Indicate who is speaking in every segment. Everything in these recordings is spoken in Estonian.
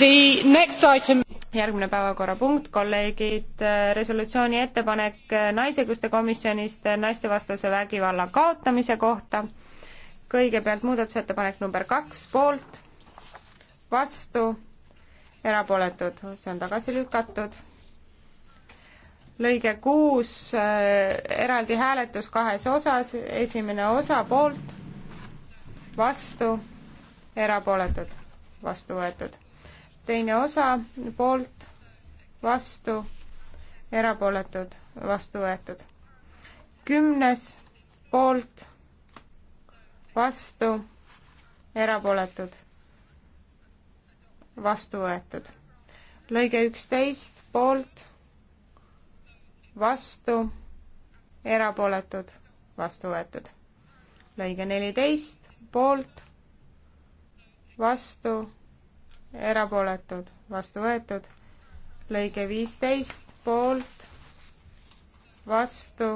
Speaker 1: Item... järgmine päevakorrapunkt, kolleegid, äh, resolutsiooni ettepanek äh, Naisõiguste komisjonist äh, naistevastase vägivalla kaotamise kohta. kõigepealt muudatusettepanek number kaks, poolt, vastu, erapooletud, see on tagasi lükatud. lõige kuus äh,, eraldi hääletus kahes osas, esimene osa poolt, vastu, erapooletud, vastu võetud teine osa poolt, vastu, erapooletud, vastu võetud. kümnes poolt, vastu, erapooletud, vastu võetud. lõige üksteist poolt, vastu, erapooletud, vastu võetud. lõige neliteist poolt, vastu erapooletud, vastu võetud. lõige viisteist poolt, vastu,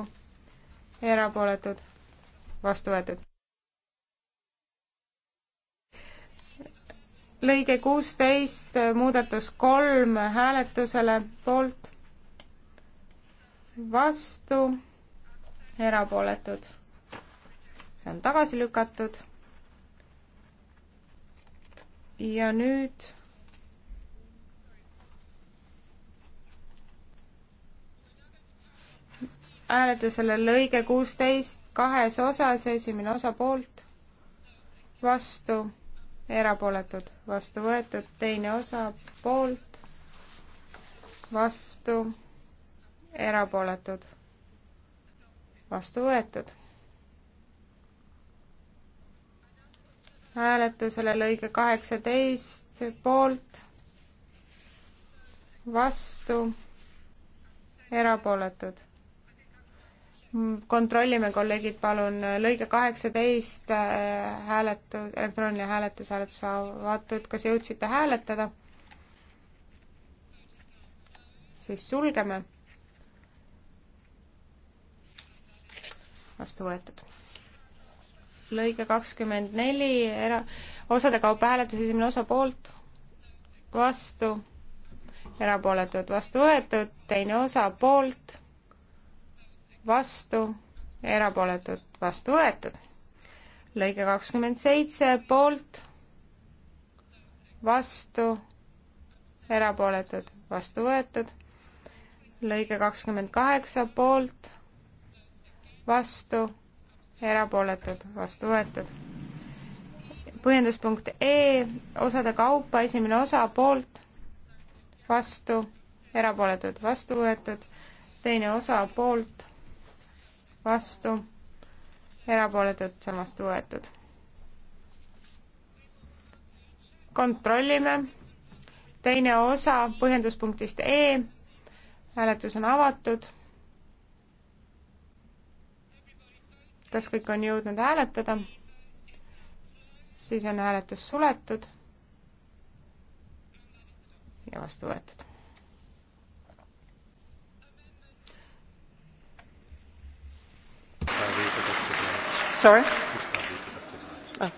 Speaker 1: erapooletud, vastu võetud. lõige kuusteist, muudatus kolm hääletusele poolt, vastu, erapooletud. see on tagasi lükatud ja nüüd hääletusele lõige kuusteist kahes osas, esimene osa poolt, vastu, erapooletud, vastu võetud, teine osa poolt, vastu, erapooletud, vastu võetud hääletusele lõige kaheksateist poolt, vastu, erapooletud. kontrollime, kolleegid, palun, lõige kaheksateist äh, hääletus, elektrooniline hääletus, hääletus avatud, kas jõudsite hääletada? siis sulgeme. vastu võetud lõige kakskümmend neli, era-, osade kaupa hääletus, esimene osa poolt, vastu, erapooletud, vastu võetud, teine osa poolt, vastu, erapooletud, vastu võetud. lõige kakskümmend seitse, poolt, vastu, erapooletud, vastu võetud. lõige kakskümmend kaheksa, poolt, vastu erapooletud, vastu võetud. põhjenduspunkt E, osade kaupa, esimene osa poolt, vastu, erapooletud, vastu võetud, teine osa poolt, vastu, erapooletud, see on vastu võetud. kontrollime, teine osa põhjenduspunktist E, hääletus on avatud kas kõik on jõudnud hääletada? siis on hääletus suletud ja vastu võetud. Sorry? Ah.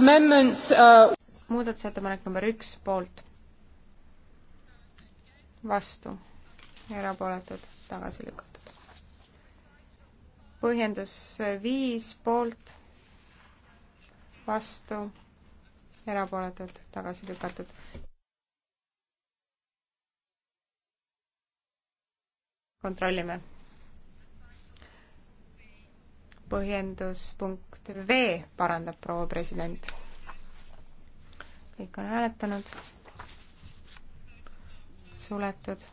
Speaker 1: Amendments uh... muudatusettepanek number üks poolt, vastu, erapooletud, tagasi lükatud põhjendus viis poolt, vastu, erapooletult tagasi lükatud. kontrollime. põhjenduspunkt V parandab proua president. kõik on hääletanud. suletud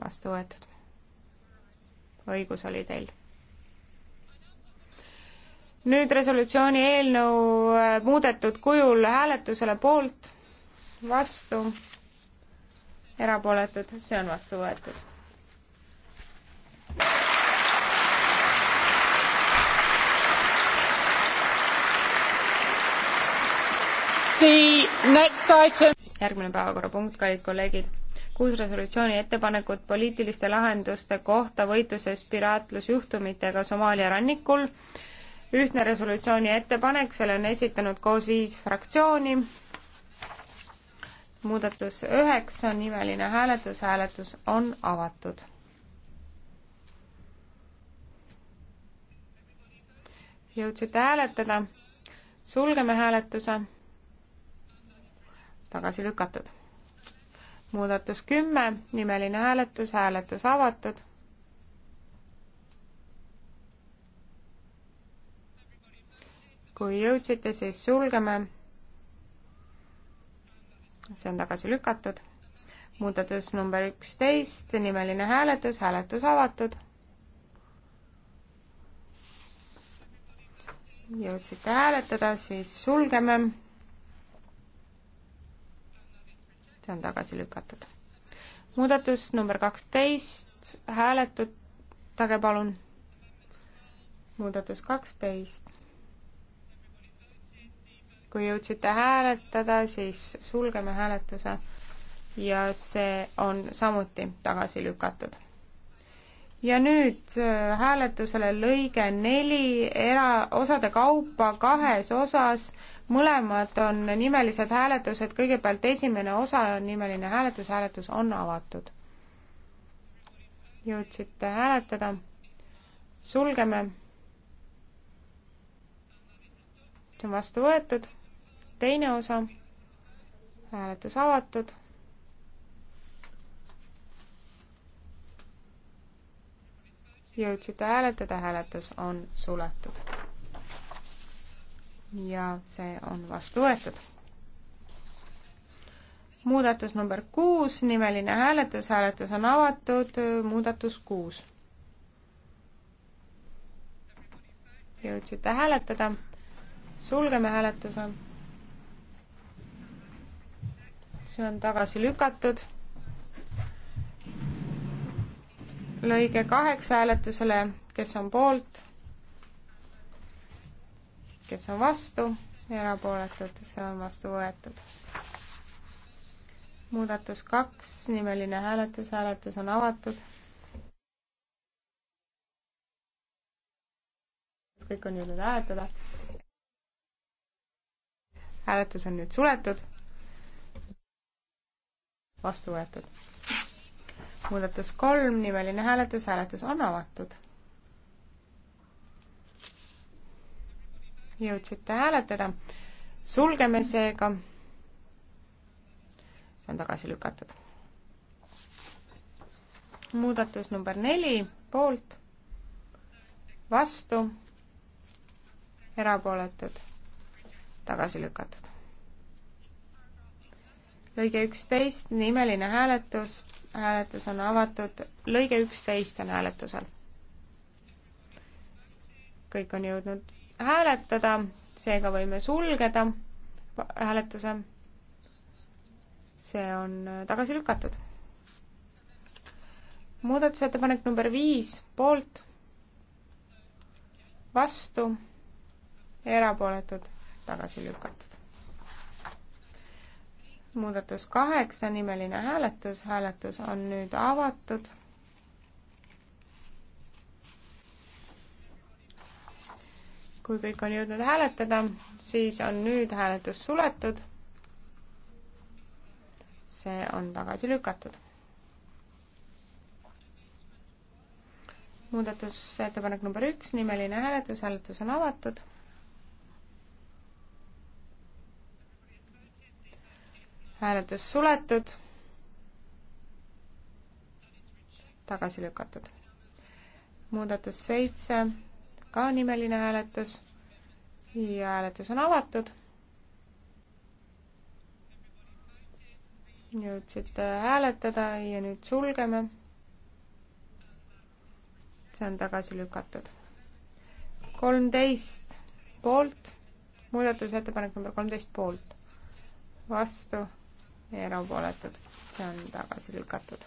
Speaker 1: vastu võetud. õigus oli teil. nüüd resolutsiooni eelnõu äh, muudetud kujul hääletusele poolt, vastu, erapooletud, see on vastu võetud. järgmine päevakorrapunkt, kallid kolleegid kuus resolutsiooni ettepanekut poliitiliste lahenduste kohta võitluses piraatlusjuhtumitega Somaalia rannikul. ühtne resolutsiooni ettepanek, selle on esitanud koos viis fraktsiooni. muudatus üheksa, nimeline hääletus, hääletus on avatud. jõudsite hääletada? sulgeme hääletuse. tagasi lükatud muudatus kümme, nimeline hääletus, hääletus avatud. kui jõudsite, siis sulgeme. see on tagasi lükatud. muudatus number üksteist, nimeline hääletus, hääletus avatud. jõudsite hääletada, siis sulgeme see on tagasi lükatud. muudatus number kaksteist, hääletage palun. muudatus kaksteist. kui jõudsite hääletada, siis sulgeme hääletuse ja see on samuti tagasi lükatud ja nüüd äh, hääletusele lõige neli era, osade kaupa kahes osas, mõlemad on nimelised hääletused, kõigepealt esimene osa on nimeline hääletus, hääletus on avatud. jõudsite hääletada, sulgeme. see on vastu võetud, teine osa, hääletus avatud jõudsite hääletada, hääletus on suletud. ja see on vastu võetud. muudatus number kuus, nimeline hääletus, hääletus on avatud, muudatus kuus. jõudsite hääletada, sulgeme hääletuse. see on tagasi lükatud lõige kaheksa hääletusele, kes on poolt, kes on vastu ja erapooletud, see on vastu võetud. muudatus kaks, nimeline hääletus, hääletus on avatud. kõik on jõudnud hääletada. hääletus on nüüd suletud, vastu võetud muudatus kolm, nimeline hääletus, hääletus on avatud. jõudsite hääletada, sulgeme seega. see on tagasi lükatud. muudatus number neli, poolt, vastu, erapooletud, tagasi lükatud lõige üksteist, nimeline hääletus, hääletus on avatud, lõige üksteist on hääletusel. kõik on jõudnud hääletada, seega võime sulgeda hääletuse. see on äh, tagasi lükatud. muudatusettepanek number viis, poolt, vastu, erapooletud, tagasi lükatud muudatus kaheksa, nimeline hääletus, hääletus on nüüd avatud. kui kõik on jõudnud hääletada, siis on nüüd hääletus suletud. see on tagasi lükatud. muudatusettepanek number üks, nimeline hääletus, hääletus on avatud hääletus suletud. tagasi lükatud. muudatus seitse, ka nimeline hääletus ja hääletus on avatud. jõudsite hääletada ja nüüd sulgeme. see on tagasi lükatud. kolmteist poolt, muudatusettepanek number kolmteist poolt, vastu erapooletud, see on tagasi lükatud.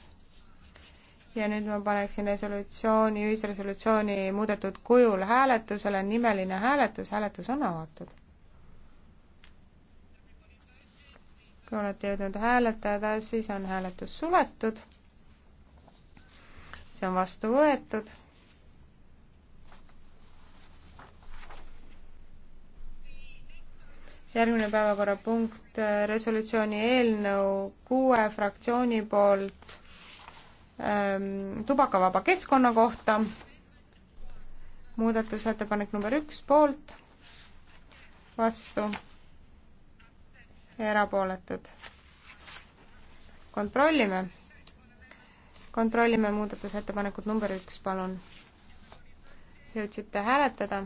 Speaker 1: ja nüüd ma paneksin resolutsiooni, ühisresolutsiooni muudetud kujul hääletusele, nimeline hääletus, hääletus on avatud. kui olete jõudnud hääletada, siis on hääletus suletud. see on vastu võetud järgmine päevakorrapunkt, äh, resolutsiooni eelnõu kuue fraktsiooni poolt ähm, tubakavaba keskkonna kohta. muudatusettepanek number üks poolt, vastu, erapooletud. kontrollime, kontrollime muudatusettepanekut number üks, palun. jõudsite hääletada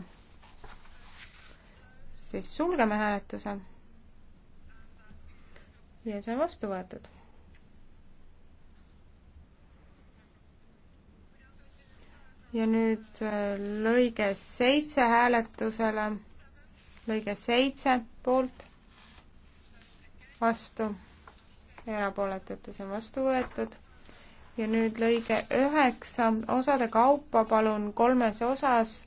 Speaker 1: siis sulgeme hääletuse. ja see on vastu võetud. ja nüüd äh, lõige seitse hääletusele. lõige seitse poolt, vastu, erapooletud, see on vastu võetud ja nüüd lõige üheksa, osade kaupa palun kolmes osas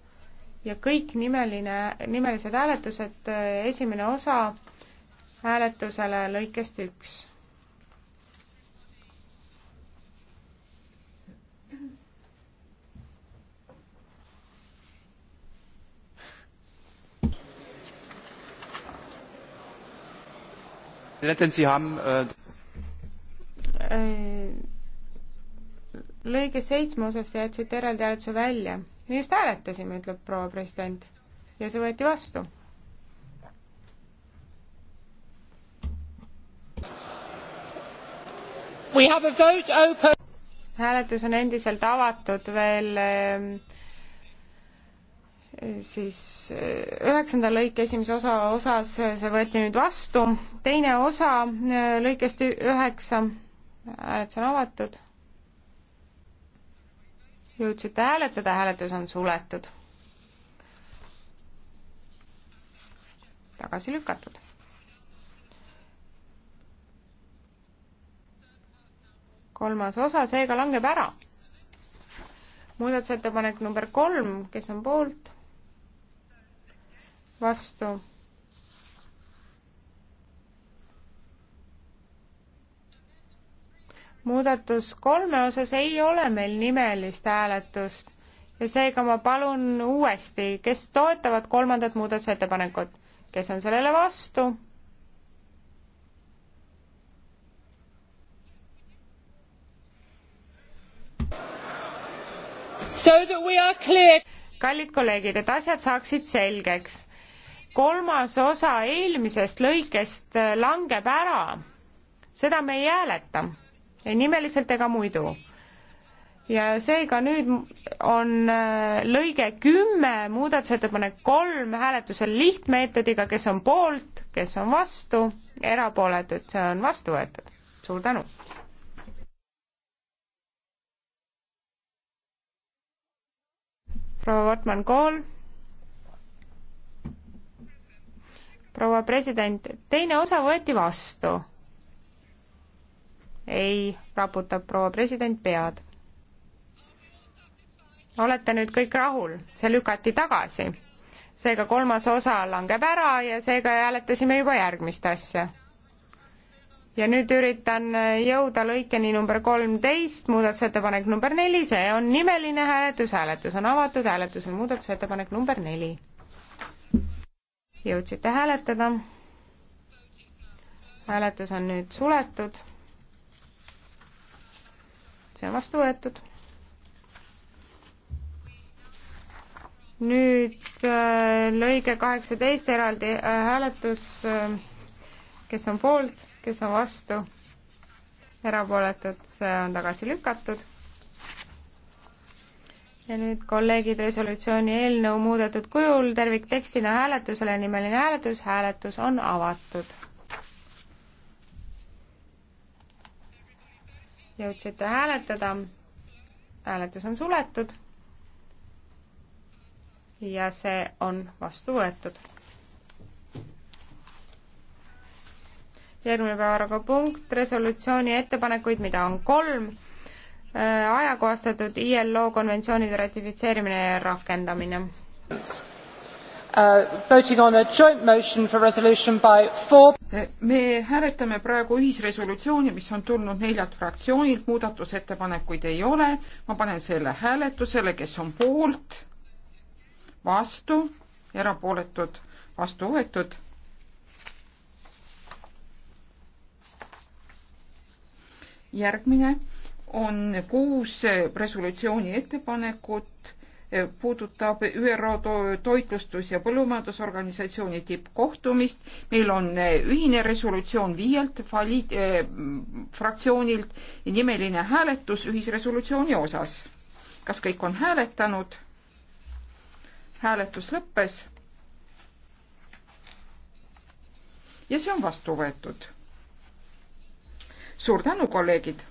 Speaker 1: ja kõik nimeline, nimelised hääletused, äh, esimene osa hääletusele lõikest üks. Äh, äh, lõige seitsme osas jätsite eraldi hääletuse välja me just hääletasime, ütleb proua president ja see võeti vastu. hääletus on endiselt avatud veel ehm, siis eh, üheksanda lõike esimese osa osas, see võeti nüüd vastu, teine osa eh, lõikest üheksa, hääletus on avatud jõudsite hääletada, hääletus on suletud. tagasi lükatud. kolmas osa seega langeb ära. muudatusettepanek number kolm, kes on poolt? vastu muudatus kolme osas ei ole meil nimelist hääletust ja seega ma palun uuesti, kes toetavad kolmandat muudatusettepanekut, kes on sellele vastu? kallid kolleegid, et asjad saaksid selgeks. kolmas osa eelmisest lõikest langeb ära. seda me ei hääleta nimeliselt ega muidu. ja seega nüüd on äh, lõige kümme, muudatusettepanek kolm hääletusel lihtmeetodiga, kes on poolt, kes on vastu, erapooletud, see on vastu võetud. suur tänu! proua Wortmann Kool. proua president, teine osa võeti vastu ei, raputab proua president pead. olete nüüd kõik rahul, see lükati tagasi. seega kolmas osa langeb ära ja seega hääletasime juba järgmist asja. ja nüüd üritan jõuda lõikeni number kolmteist, muudatusettepanek number neli, see on nimeline hääletus, hääletus on avatud, hääletus on muudatusettepanek number neli. jõudsite hääletada? hääletus on nüüd suletud see on vastu võetud. nüüd äh, lõige kaheksateist eraldi äh, hääletus, äh, kes on poolt, kes on vastu, erapooletud, see on tagasi lükatud. ja nüüd kolleegid, resolutsiooni eelnõu muudetud kujul terviktekstina hääletusele, nimeline hääletus, hääletus on avatud jõudsite hääletada. hääletus on suletud. ja see on vastu võetud. järgmine päevakorrapunkt, resolutsiooni ettepanekuid, mida on kolm äh, ajakohastatud ILO konventsioonide ratifitseerimine ja rakendamine. Uh, me hääletame praegu ühisresolutsiooni, mis on tulnud neljalt fraktsioonilt, muudatusettepanekuid ei ole. ma panen selle hääletusele, kes on poolt, vastu, erapooletud, vastu võetud. järgmine on kuus resolutsiooni ettepanekut puudutab ÜRO toitlustus- ja põllumajandusorganisatsiooni tippkohtumist. meil on eh, ühine resolutsioon viielt fali- äh,, eh, fraktsioonilt, nimeline hääletus ühisresolutsiooni osas. kas kõik on hääletanud? hääletus lõppes. ja see on vastu võetud. suur tänu, kolleegid!